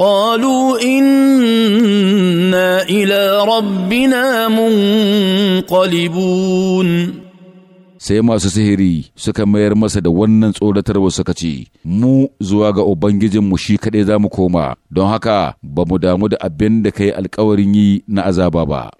قالوا انا الى ربنا منقلبون sai masu sihiri suka mayar masa da wannan tsoratarwa suka ce, Mu zuwa ga Ubangijinmu shi kaɗai za mu koma, don haka ba mu damu da abin da ka yi alkawarin yi na azaba ba.